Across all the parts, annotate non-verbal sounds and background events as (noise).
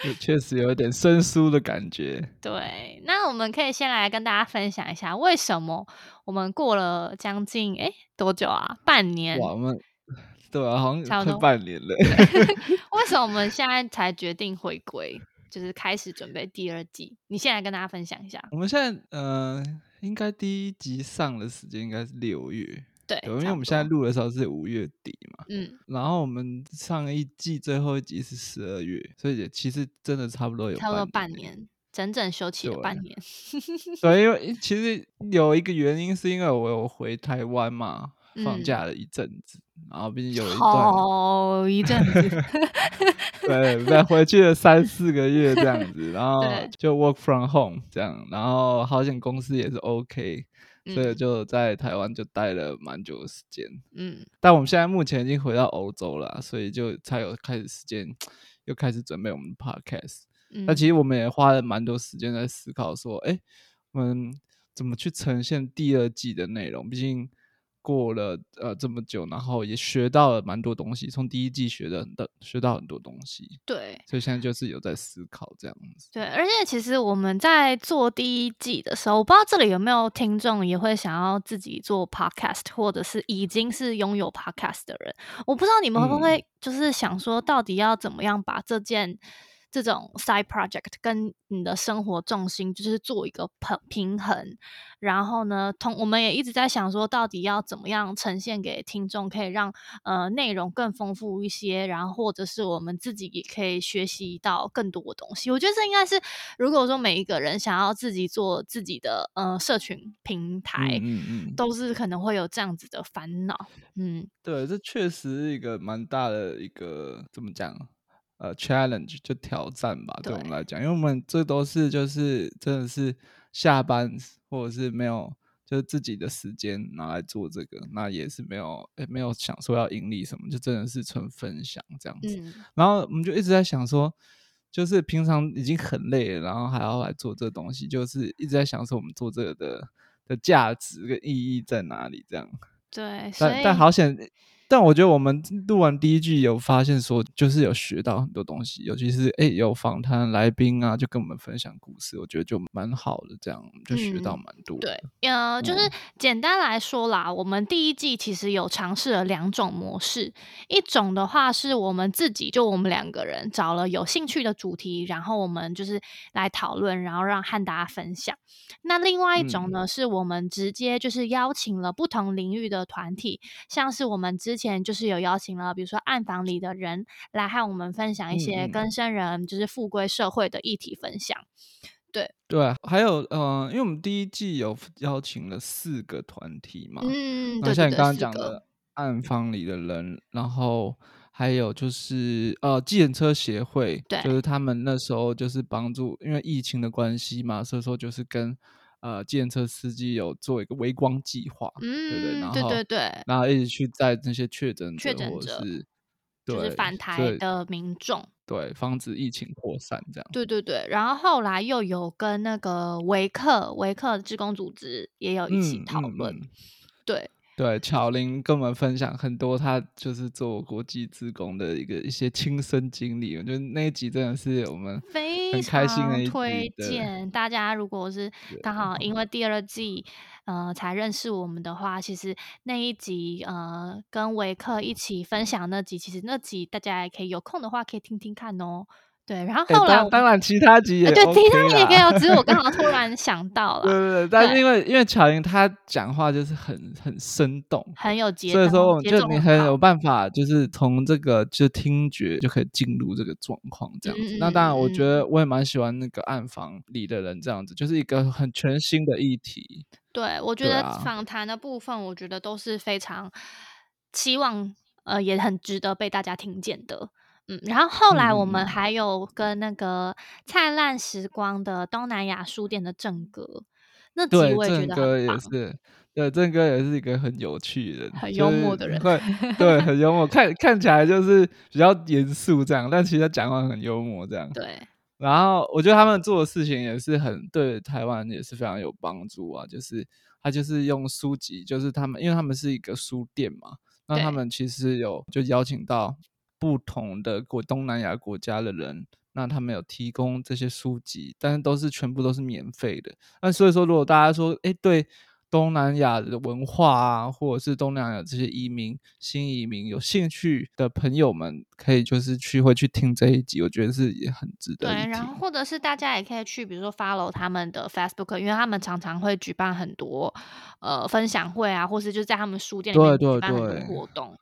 確實有點生疏的感覺。對，那我們可以先來跟大家分享一下，為什麼我們過了將近哎多久啊？半年我們，對啊，好像快半年了。差不多 (laughs) 為什麼我們現在才決定回歸，就是開始準備第二季？你先來跟大家分享一下。我們現在嗯、呃、應該第一集上的時間應該是六月。對，因為我們現在錄的時候是五月底嘛，嗯、然後我們上一季最後一集是十二月，所以也其實真的差不多有差不多半年，整整休息了半年。對， (laughs) 對，因為其實有一個原因，是因為我有回台灣嘛，放假了一陣子，嗯、然後畢竟有一段好 (laughs) 一陣子， (laughs) 對，回去了三四個月這樣子，然後就 work from home 這樣，然後好險公司也是 OK。所以就在台灣就待了蠻久的時間，嗯，但我們現在目前已經回到歐洲了，所以就才有開始時間，又開始準備我們的 podcast。那、嗯、其實我們也花了蠻多時間在思考說，哎、欸，我們怎麼去呈現第二季的內容？畢竟。過了呃這麼久，然後也學到了蠻多東西，從第一季學的學到很多東西。對，所以現在就是有在思考這樣子。對，而且其實我們在做第一季的時候，我不知道這裡有沒有聽眾也會想要自己做 podcast，或者是已經是擁有 podcast 的人，我不知道你們會不會就是想說，到底要怎麼樣把這件。這種 side project 跟你的生活重心就是做一個平平衡，然後呢，同我們也一直在想說，到底要怎麼樣呈現給聽眾，可以讓呃內容更豐富一些，然後或者是我們自己也可以學習到更多的東西。我覺得這應該是，如果說每一個人想要自己做自己的呃社群平台，嗯嗯，嗯嗯都是可能會有這樣子的煩惱。嗯，對，這確實是一個蠻大的一個怎麼講？呃、uh，challenge 就挑戰吧，對我們來講，對因為我們最多是就是真的是下班或者是沒有，就是自己的時間拿來做這個，那也是沒有，欸、沒有想說要盈利，什麼，就真的是純分享這樣子。嗯、然後我們就一直在想說，就是平常已經很累了，然後還要來做這個東西，就是一直在想說我們做這個的的價值跟意義在哪裡這樣。對，但但好險。但我覺得我們錄完第一季有發現說，就是有學到很多東西，尤其是哎、欸、有訪談來賓啊，就跟我們分享故事，我覺得就蠻好的，這樣就學到蠻多、嗯。對，呃、嗯，就是簡單來說啦，我們第一季其實有嘗試了兩種模式，一種的話是我們自己，就我們兩個人找了有興趣的主題，然後我們就是來討論，然後讓和大家分享。那另外一種呢，嗯、是我們直接就是邀請了不同領域的團體，像是我們之前就是有邀請了，比如說暗房裡的人來和我們分享一些更生人就是復歸社會的議題分享、嗯，對對，還有嗯、呃，因為我們第一季有邀請了四個團體嘛，嗯，就像你剛剛講的暗房裡的人，對對對，然後還有就是呃，自行車協會，對，就是他們那時候就是幫助，因為疫情的關係嘛，所以說就是跟。呃，計程車司機有做一個微光計劃，嗯、對對，然後對對對，然後一直去在那些確診者者確診者，對就是返台的民眾，對，防止疫情擴散這樣。對對對，然後後來又有跟那個維克維克的志工組織也有一起討論，嗯嗯嗯、對。對，巧玲跟我們分享很多，她就是做國際志工的一個一些親身經歷。我覺得那一集真的是我們很開心一集的，非常推薦大家，如果我是剛好因為第二季，嗯、呃，才認識我們的話，其實那一集，呃，跟維克一起分享那集，其實那集大家也可以有空的話可以聽聽看哦。對，然後後來、欸、當,然當然其他集也、OK 欸、對，其他集也只有，只是我剛好突然想到了。 (laughs) 對對對，對但是因為因為巧玲她講話就是很很生動，很有節奏，所以說我覺得你很有辦法，就是從這個就聽覺就可以進入這個狀況這樣子。嗯嗯嗯那當然，我覺得我也蠻喜歡那個暗房裡的人這樣子，就是一個很全新的議題。對，我覺得訪談的部分，我覺得都是非常、啊、期望，呃，也很值得被大家聽見的。嗯，然後後來我們還有跟那個燦爛時光的東南亞書店的正哥，那幾位覺得很棒，正哥也是，對，正哥也是一個很有趣的人，很幽默的人，對，很幽默。 (laughs) 看看起來就是比較嚴肅這樣，但其實他講話很幽默這樣。對。然後我覺得他們做的事情也是很，對台灣也是非常有幫助啊，就是他就是用書籍，就是他們，因為他們是一個書店嘛，那他們其實有就邀請到。不同的國東南亞國家的人，那他們有提供這些書籍，但是都是全部都是免費的。那所以說，如果大家說，哎、欸，對東南亞的文化啊，或者是東南亞這些移民新移民有興趣的朋友們，可以就是去會去聽這一集，我覺得是也很值得。對，然後或者是大家也可以去，比如說 follow 他們的 Facebook，因為他們常常會舉辦很多呃分享會啊，或是就是在他們書店裡面對對對舉辦很多活動。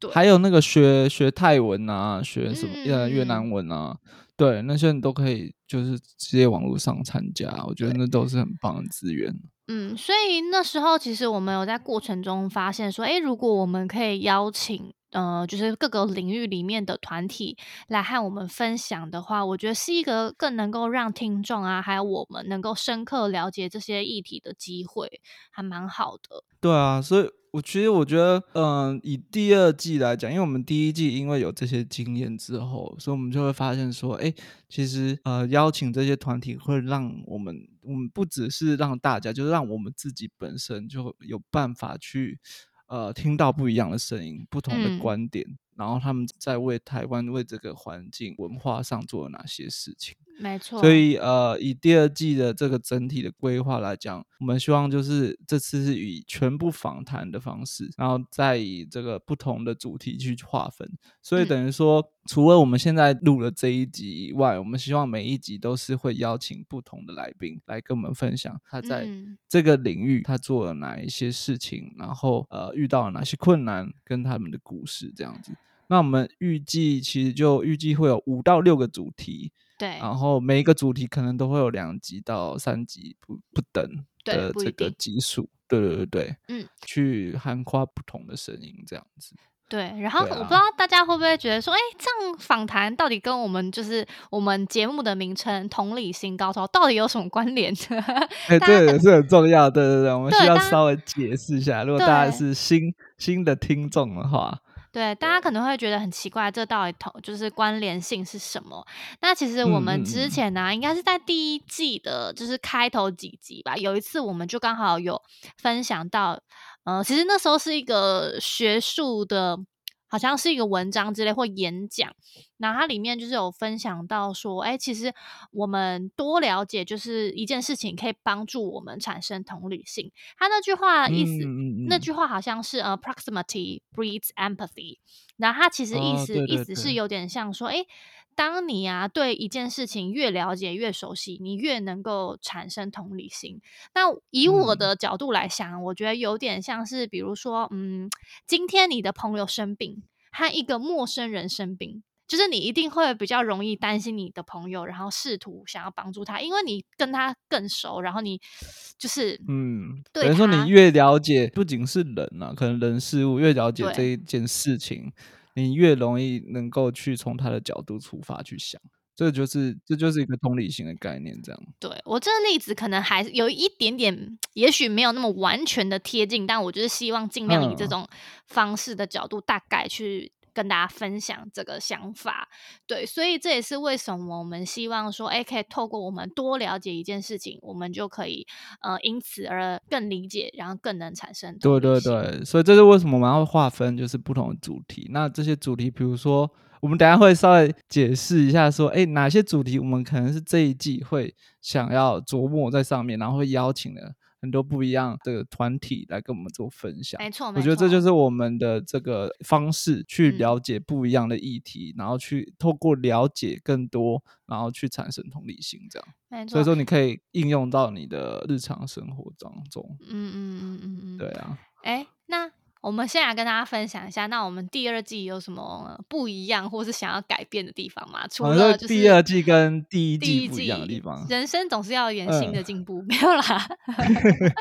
對還有那個學學泰文啊，學什麼越南文啊，嗯、對那些你都可以就是直接網絡上參加，對我覺得那都是很棒的資源。嗯，所以那時候其實我們有在過程中發現說，哎、欸，如果我們可以邀請呃，就是各個領域裡面的團體來和我們分享的話，我覺得是一個更能夠讓聽眾啊，還有我們能夠深刻了解這些議題的機會，還蠻好的。對啊，所以。我其實我覺得，嗯、呃，以第二季來講，因為我們第一季因為有這些經驗之後，所以我們就會發現說，哎，其實呃，邀請這些團體會讓我們，我們不只是讓大家，就是讓我們自己本身就有辦法去，呃，聽到不一樣的聲音、不同的觀點，嗯、然後他們在為台灣、為這個環境、文化上做了哪些事情。沒錯，所以呃，以第二季的這個整體的規劃來講，我們希望就是這次是以全部訪談的方式，然後再以這個不同的主題去劃分。所以等於說，嗯、除了我們現在錄了這一集以外，我們希望每一集都是會邀請不同的來賓來跟我們分享，他在這個領域他做了哪一些事情，嗯、然後呃，遇到了哪些困難，跟他們的故事這樣子。那我們預計其實就預計會有五到六個主題。對，然後每一個主題可能都會有兩集到三集不不等的這個集數，對，對對對，對嗯，去涵蓋不同的聲音這樣子。對，然後我不知道大家會不會覺得說，哎、啊，這樣訪談到底跟我們就是我們節目的名稱“同理漲潮中”到底有什麼關聯呢？哎，這個 (laughs) 是很重要，對對對，我們需要稍微解釋一下，如果大家是新對新的聽眾的話。對，大家可能會覺得很奇怪，對這到底頭就是關聯性是什麼？那其實我們之前呢、啊，嗯嗯應該是在第一季的，就是開頭幾集吧，有一次我們就剛好有分享到，嗯、呃，其實那時候是一個學術的。好像是一個文章之類或演講，那它裡面就是有分享到說，誒、欸、其實我們多了解就是一件事情，可以幫助我們產生同理心。它那句話意思，嗯嗯嗯那句話好像是呃、uh,，proximity breeds empathy。然後它其實意思、哦、對對對意思是有點像說，誒、欸當你啊對一件事情越了解、越熟悉，你越能夠產生同理心。那以我的角度來想，嗯、我覺得有點像是，比如說，嗯，今天你的朋友生病，和一個陌生人生病，就是你一定會比較容易擔心你的朋友，然後試圖想要幫助他，因為你跟他更熟，然後你就是對嗯，等於說你越了解，不僅是人啊，可能人事物越了解這一件事情。你越容易能夠去從他的角度出發去想，這就是這就是一個同理心的概念。這樣。對，我這個例子可能還有一點點，也許沒有那麼完全的貼近，但我就是希望盡量以這種方式的角度大概去。嗯跟大家分享這個想法，對，所以這也是為什麼我們希望說，誒，可以透過我們多了解一件事情，我們就可以呃，因此而更理解，然後更能產生同理心。對對對，所以這是為什麼我們要劃分就是不同的主題。那這些主題，比如說，我們等下會稍微解釋一下，說，誒哪些主題我們可能是這一季會想要琢磨在上面，然後會邀請的。很多不一樣的團體來跟我們做分享，沒錯，我覺得這就是我們的這個方式去了解不一樣的議題，嗯、然後去透過了解更多，然後去產生同理心，這樣，沒錯。所以說你可以應用到你的日常生活當中，嗯嗯嗯嗯嗯，對啊。哎、欸，那。我們先來跟大家分享一下，那我們第二季有什麼不一樣，或是想要改變的地方嗎？除了第，第二季跟第一季不一樣的地方，人生總是要有心的進步，嗯、沒有啦。對對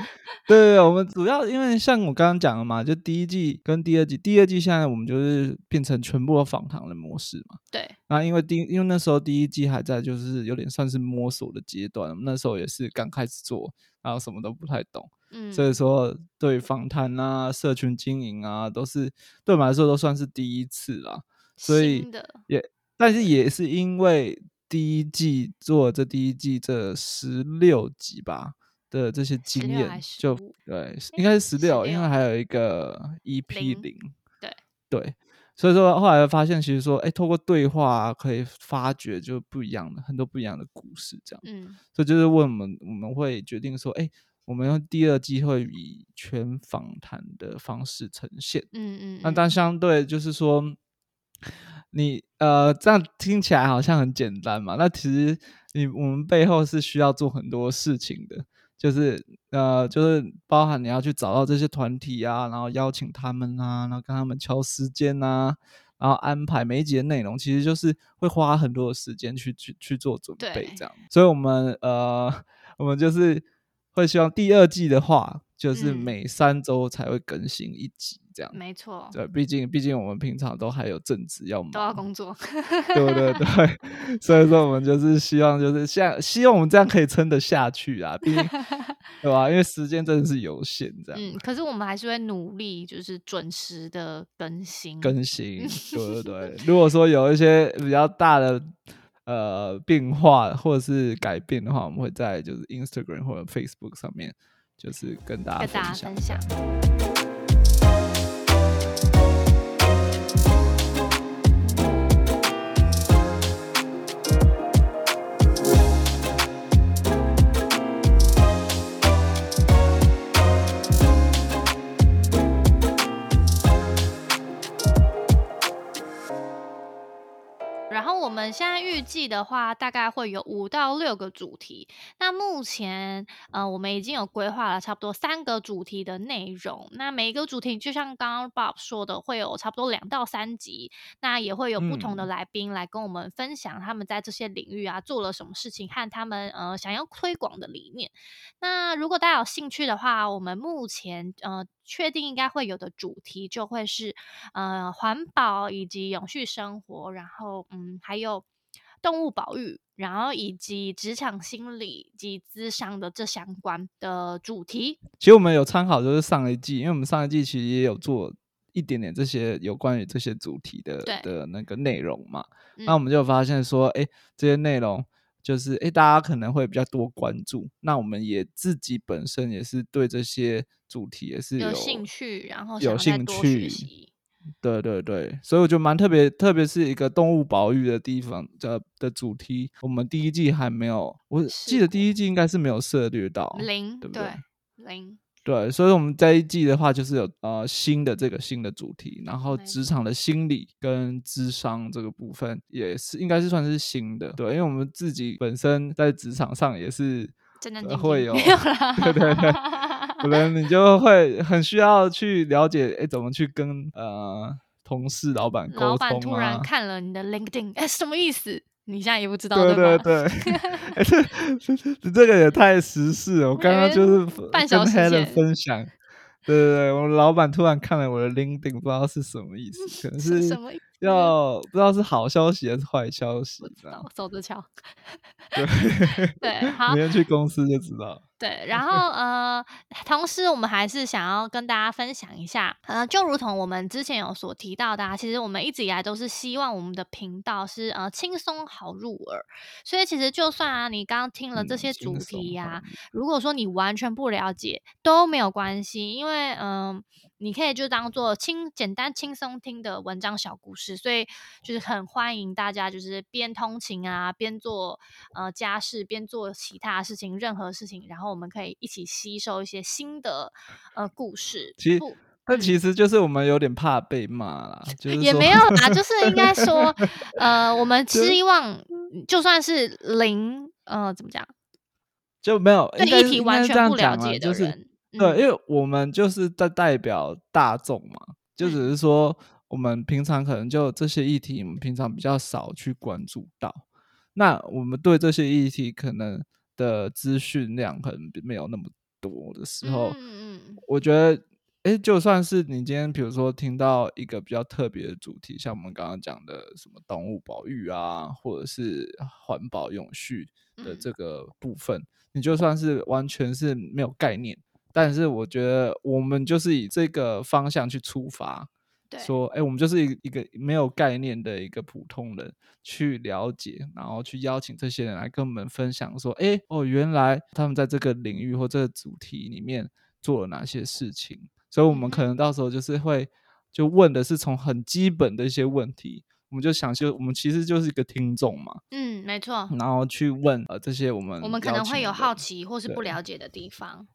(laughs) (laughs) 對，我們主要因為像我剛剛講的嘛，就第一季跟第二季，第二季現在我們就是變成全部都訪談的模式嘛。對，那因為第因為那時候第一季還在，就是有點算是摸索的階段，我們那時候也是剛開始做。然後、啊、什麼都不太懂，嗯、所以說對訪談啊、社群經營啊，都是對我們來說都算是第一次了。所以也，的但是也是因為第一季做這第一季這十六集，吧的這些經驗，還就對，應該是十六，欸，16？因為還有一個 EP 0, 零，對對。所以說，後來發現，其實說，哎、欸，透過對話、啊、可以發掘，就不一樣的很多不一樣的故事，這樣。嗯，所以就是問我們，我們會決定說，哎、欸，我們用第二季會以全訪談的方式呈現。嗯，嗯嗯。那但相對就是說，你呃，這樣聽起來好像很簡單嘛。那其實你我們背後是需要做很多事情的，就是。呃，就是包含你要去找到這些團體啊，然後邀請他們啊，然後跟他們敲時間啊，然後安排每一集的內容，其實就是會花很多的時間去去去做準備這樣。對所以我們呃，我們就是會希望第二季的話，就是每三周才會更新一集。嗯這樣沒錯，對，畢竟畢竟我們平常都還有正職要忙，都要工作， (laughs) 對對對，所以說我們就是希望就是像希望我們這樣可以撐得下去啊，畢竟 (laughs) 對吧、啊？因為時間真的是有限，這樣。嗯，可是我們還是會努力，就是準時的更新更新，對對對。 (laughs) 如果說有一些比較大的呃變化或者是改變的話，我們會在就是 Instagram 或者 Facebook 上面，就是跟大家分享大家分享。預計的話，大概會有五到六個主題。那目前，呃，我們已經有規劃了，差不多三個主題的內容。那每一個主題，就像剛剛 Bob 說的，會有差不多兩到三集。那也會有不同的來賓來跟我們分享他們在這些領域啊，嗯，做了什麼事情，和他們呃想要推廣的理念。那如果大家有興趣的話，我們目前呃確定應該會有的主題就會是呃環保以及永續生活，然後嗯還有，動物保育，然後以及職場心理及諮商的這相關的主題，其實我們有參考，就是上一季，因為我們上一季其實也有做一點點這些有關於這些主題的對的那個內容嘛，嗯、那我們就發現說，哎、欸，這些內容就是，哎、欸，大家可能會比較多關注，那我們也自己本身也是對這些主題也是有，有興趣，然後有興趣。對對對，所以我覺得蠻特別，特別是一個動物保育的地方的的主題。我們第一季還沒有，我記得第一季應該是沒有涉獵到零，對不對？對零，對。所以我們這一季的話，就是有呃新的這個新的主題，然後職場的心理跟諮商這個部分也是應該是算是新的，對，因為我們自己本身在職場上也是真的、呃、會有，沒有 (laughs) 對對對。可能 (laughs) 你就會很需要去了解，哎，怎麼去跟呃同事、老板溝通啊。老板突然看了你的 LinkedIn，哎，什麼意思？你現在也不知道，對對對，你 (laughs) 這個也太時事了。我剛剛就是分半小時的分享，對對對，我老板突然看了我的 LinkedIn，不知道是什麼意思，可能是。 (laughs) 是什麼意思要不知道是好消息還是壞消息，啊，走着瞧。對，好。明天去公司就知道。對，然後呃，同時我們還是想要跟大家分享一下， (laughs) 呃，就如同我們之前有所提到的，啊，其實我們一直以來都是希望我們的頻道是呃輕鬆好入耳，所以其實就算啊你剛剛聽了這些主題啊，嗯、如果說你完全不了解都沒有關係，因為嗯。呃你可以就當做輕簡單輕鬆聽的文章小故事，所以就是很歡迎大家就是邊通勤啊，邊做呃家事，邊做其他事情，任何事情，然後我們可以一起吸收一些新的呃故事。其實，那不其實就是我們有點怕被罵了，也沒有啦，就是應該說， (laughs) 呃，我們希望就，就算是零呃怎麼講，就沒有對議題完全不了解的人。對，因為我們就是在代表大眾嘛，就只是說我們平常可能就這些議題，我們平常比較少去關注到。那我們對這些議題可能的資訊量可能沒有那麼多的時候，嗯嗯，我覺得，哎，就算是你今天比如說聽到一個比較特別的主題，像我們剛剛講的什麼動物保育啊，或者是環保永續的這個部分，你就算是完全是沒有概念。但是我覺得我們就是以這個方向去出發，對，說，哎，我們就是一個，一個沒有概念的一個普通人，去了解，然後去邀請這些人來跟我們分享，說，哎，哦，原來他們在這個領域或這個主題裡面做了哪些事情。所以，我們可能到時候就是會就問的是從很基本的一些問題，我們就想就，就我們其實就是一個聽眾嘛，嗯，沒錯，然後去問呃這些我們，我們可能會有好奇或是不了解的地方。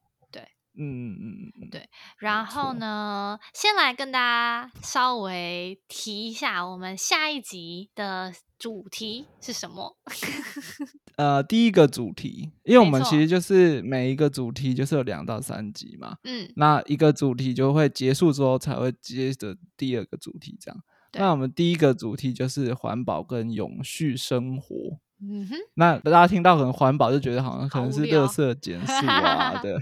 嗯嗯嗯嗯對。然後呢，錯先來跟大家稍微提一下，我們下一集的主題是什麼？ (laughs) 呃，第一個主題，因為我們其實就是每一個主題就是有兩到三集嘛。嗯錯，那一個主題就會結束之後，才會接着第二個主題這樣。對那我們第一個主題就是環保跟永續生活。嗯哼，那大家聽到可能環保就覺得好像可能是垃圾減塑啊無 (laughs) 對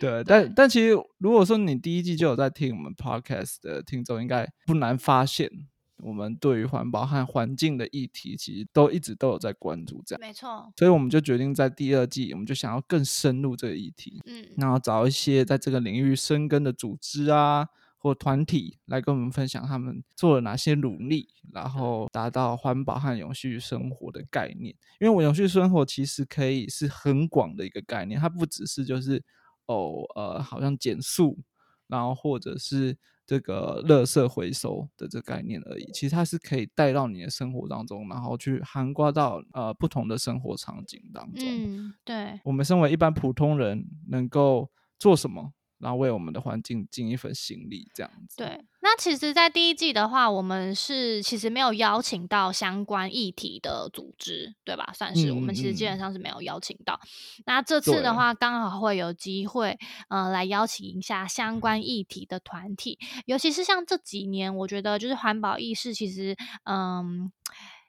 對，對但但，其實，如果說你第一季就有在聽我們 podcast 的聽眾，應該不難發現，我們對於環保和環境的議題，其實都一直都有在關注這樣。沒錯，所以我們就決定在第二季，我們就想要更深入這個議題，嗯，然後找一些在這個領域深耕的組織啊或團體來跟我們分享他們做了哪些努力，然後達到環保和永續生活的概念。因為我永續生活其實可以是很廣的一個概念，它不只是就是。哦，呃，好像減速，然後或者是這個垃圾回收的這概念而已。其實它是可以帶到你的生活當中，然後去涵蓋到呃不同的生活場景當中。嗯，對。我們身為一般普通人，能夠做什麼？然後為我們的環境盡一份心力，這樣子。對，那其實，在第一季的話，我們是其實沒有邀請到相關議題的組織，對吧？算是、嗯、我們其實基本上是沒有邀請到。嗯、那這次的話，對剛好會有機會，呃，來邀請一下相關議題的團體，嗯、尤其是像這幾年，我覺得就是環保意識，其實，嗯。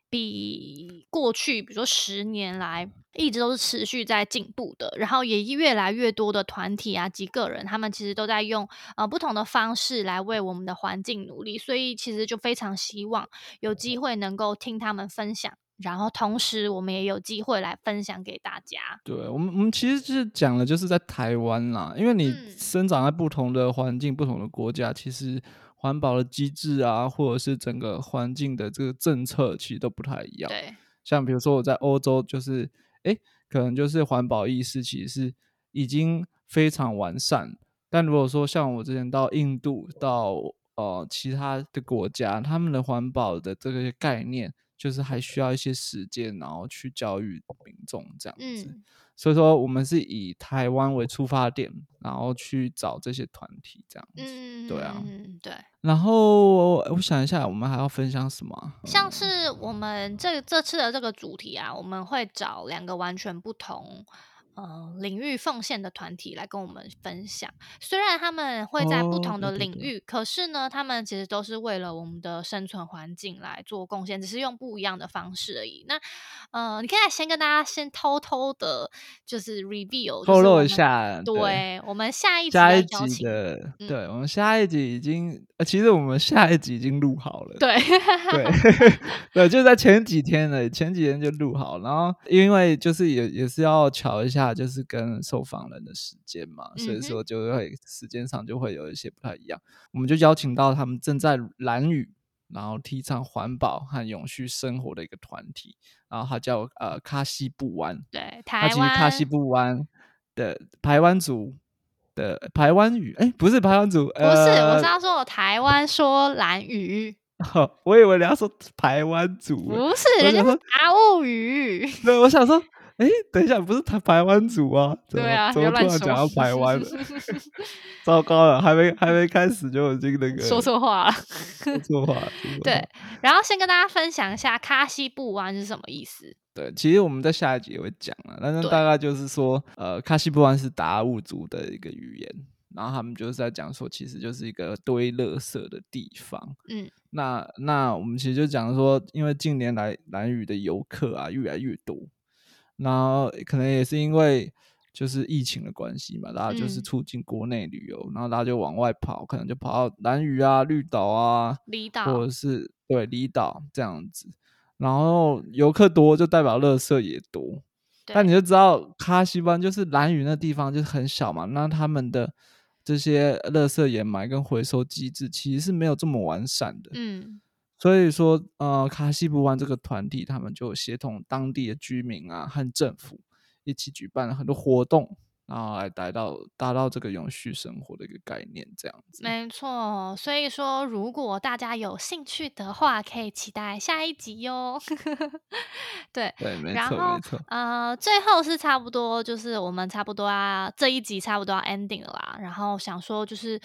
比過去，比如說十年來，一直都是持續在進步的。然後也越來越多的團體啊及個人，他們其實都在用呃不同的方式來為我們的環境努力。所以其實就非常希望有機會能夠聽他們分享，然後同時我們也有機會來分享給大家。對我們，我們其實就是講了，就是在台灣啦，因為你生長在不同的環境、嗯、不同的國家，其實。環保的機制啊，或者是整個環境的這個政策，其實都不太一樣。對像比如說我在歐洲，就是哎、欸，可能就是環保意識其實是已經非常完善。但如果說像我之前到印度、到呃其他的國家，他們的環保的這個概念，就是還需要一些時間，然後去教育民眾這樣子。嗯所以說，我們是以台灣為出發點，然後去找這些團體這樣子。嗯，對啊，嗯，對。然後我想一下，我們還要分享什麼啊？像是我們這這次的這個主題啊，我們會找兩個完全不同。呃，領域奉獻的團體來跟我們分享，雖然他們會在不同的領域，哦、對對，可是呢，他們其實都是為了我們的生存環境來做貢獻，只是用不一樣的方式而已。那呃，你可以先跟大家先偷偷的，就是 reveal 透露一下，對，對我們下一集下一集的，嗯、對我們下一集已經、呃，其實我們下一集已經錄好了，對 (laughs) 對 (laughs) 對，就在前幾天了，前幾天就錄好，然後因為就是也也是要瞧一下。就是跟受訪人的時間嘛，所以說就會時間上就會有一些不太一樣。嗯、哼我們就邀請到他們正在蘭嶼，然後提倡環保和永續生活的一個團體，然後他叫呃卡西布灣。對，他其實卡西布灣的排灣族的排灣語，哎、欸，不是排灣族，呃、不是，我是要說台灣說蘭嶼。好、哦，我以為你要說排灣族，不是人家達悟語。我想說。哎、欸，等一下，不是台台灣族啊？怎麼對啊，怎麼突然講到台灣了。糟糕了，還沒還沒開始就已經那個說錯話了，說錯話了。對，然後先跟大家分享一下“卡西布灣”是什麼意思。對，其實我們在下一集也會講了、啊，但是大概就是說，對呃，卡西布灣是達悟族的一個語言，然後他們就是在講說，其實就是一個堆垃圾的地方。嗯，那那我們其實就講說，因為近年來蘭嶼的遊客啊越來越多。然後可能也是因為就是疫情的關係嘛，大家就是促進國內旅遊，嗯、然後大家就往外跑，可能就跑到蘭嶼啊、綠島啊、離島，或者是對離島這樣子。然後遊客多就代表垃圾也多，那對你就知道，喀西灣就是蘭嶼那地方就是很小嘛，那他們的這些垃圾掩埋跟回收機制其實是沒有這麼完善的。嗯。所以說，呃，卡西布灣這個團體，他們就協同當地的居民啊和政府一起舉辦了很多活動，然後來達到達到這個永續生活的一個概念，這樣子。沒錯，所以說，如果大家有興趣的話，可以期待下一集喲。 (laughs) 對對，沒錯後沒錯錯。呃，最後是差不多，就是我們差不多啊，這一集差不多要 ending 了啦。然後想說就是。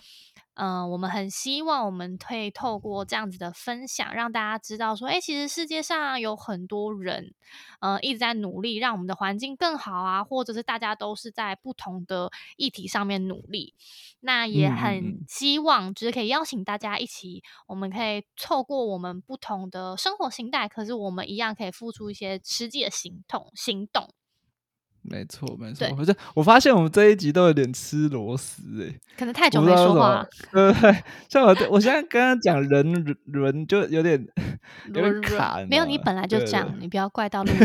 嗯、呃，我們很希望我們可以透過這樣子的分享，讓大家知道說，哎、欸，其實世界上有很多人，嗯、呃，一直在努力讓我們的環境更好啊，或者是大家都是在不同的議題上面努力。那也很希望，就是可以邀請大家一起，我們可以透過我們不同的生活形態，可是我們一樣可以付出一些實際的行動行動。沒錯，沒錯。不是我對我發現我們這一集都有點吃螺絲哎，可能太久沒說話了，對不對？ (laughs) 像我我現在剛剛講人人，人就有點有點卡， (laughs) 沒有，你本來就這樣，對對你不要怪到那 (laughs)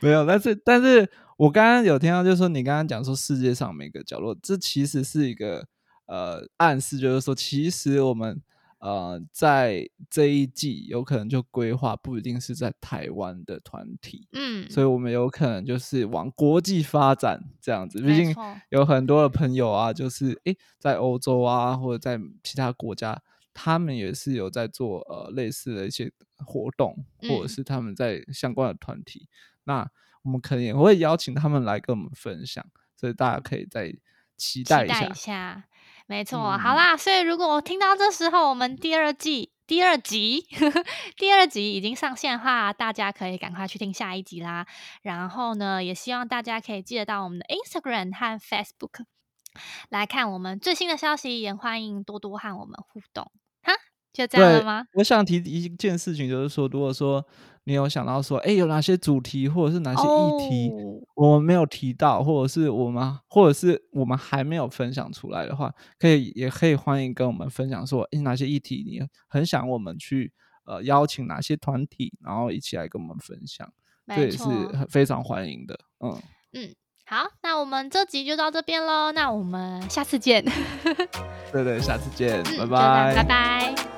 沒有，但是但是，我剛剛有聽到，就是說你剛剛講說世界上每個角落，這其實是一個呃暗示，就是說其實我們。呃，在這一季有可能就規劃不一定是在台灣的團體，嗯，所以我們有可能就是往國際發展這樣子。畢竟有很多的朋友啊，就是誒、欸，在歐洲啊，或者在其他國家，他們也是有在做呃類似的一些活動，或者是他們在相關的團體。嗯、那我們可能也會邀請他們來跟我們分享，所以大家可以再期待一下。沒錯，好啦，所以如果我聽到這時候，我們第二季、第二集，呵呵，第二集已經上線的話，大家可以趕快去聽下一集啦。然後呢，也希望大家可以記得到我們的 Instagram 和 Facebook 來看我們最新的消息，也歡迎多多和我們互動。哈，就這樣了嗎？我想提一件事情，就是說，如果說。你有想到說，哎、欸，有哪些主題或者是哪些議題、哦、我們沒有提到，或者是我們或者是我們還沒有分享出來的話，可以也可以歡迎跟我們分享說，哎、欸，哪些議題你很想我們去呃邀請哪些團體，然後一起來跟我們分享，這也沒錯，是非常歡迎的。嗯嗯，好，那我們這集就到這邊嘍，那我們下次見。 (laughs) 對，對對，下次見，拜拜、嗯，拜拜 bye。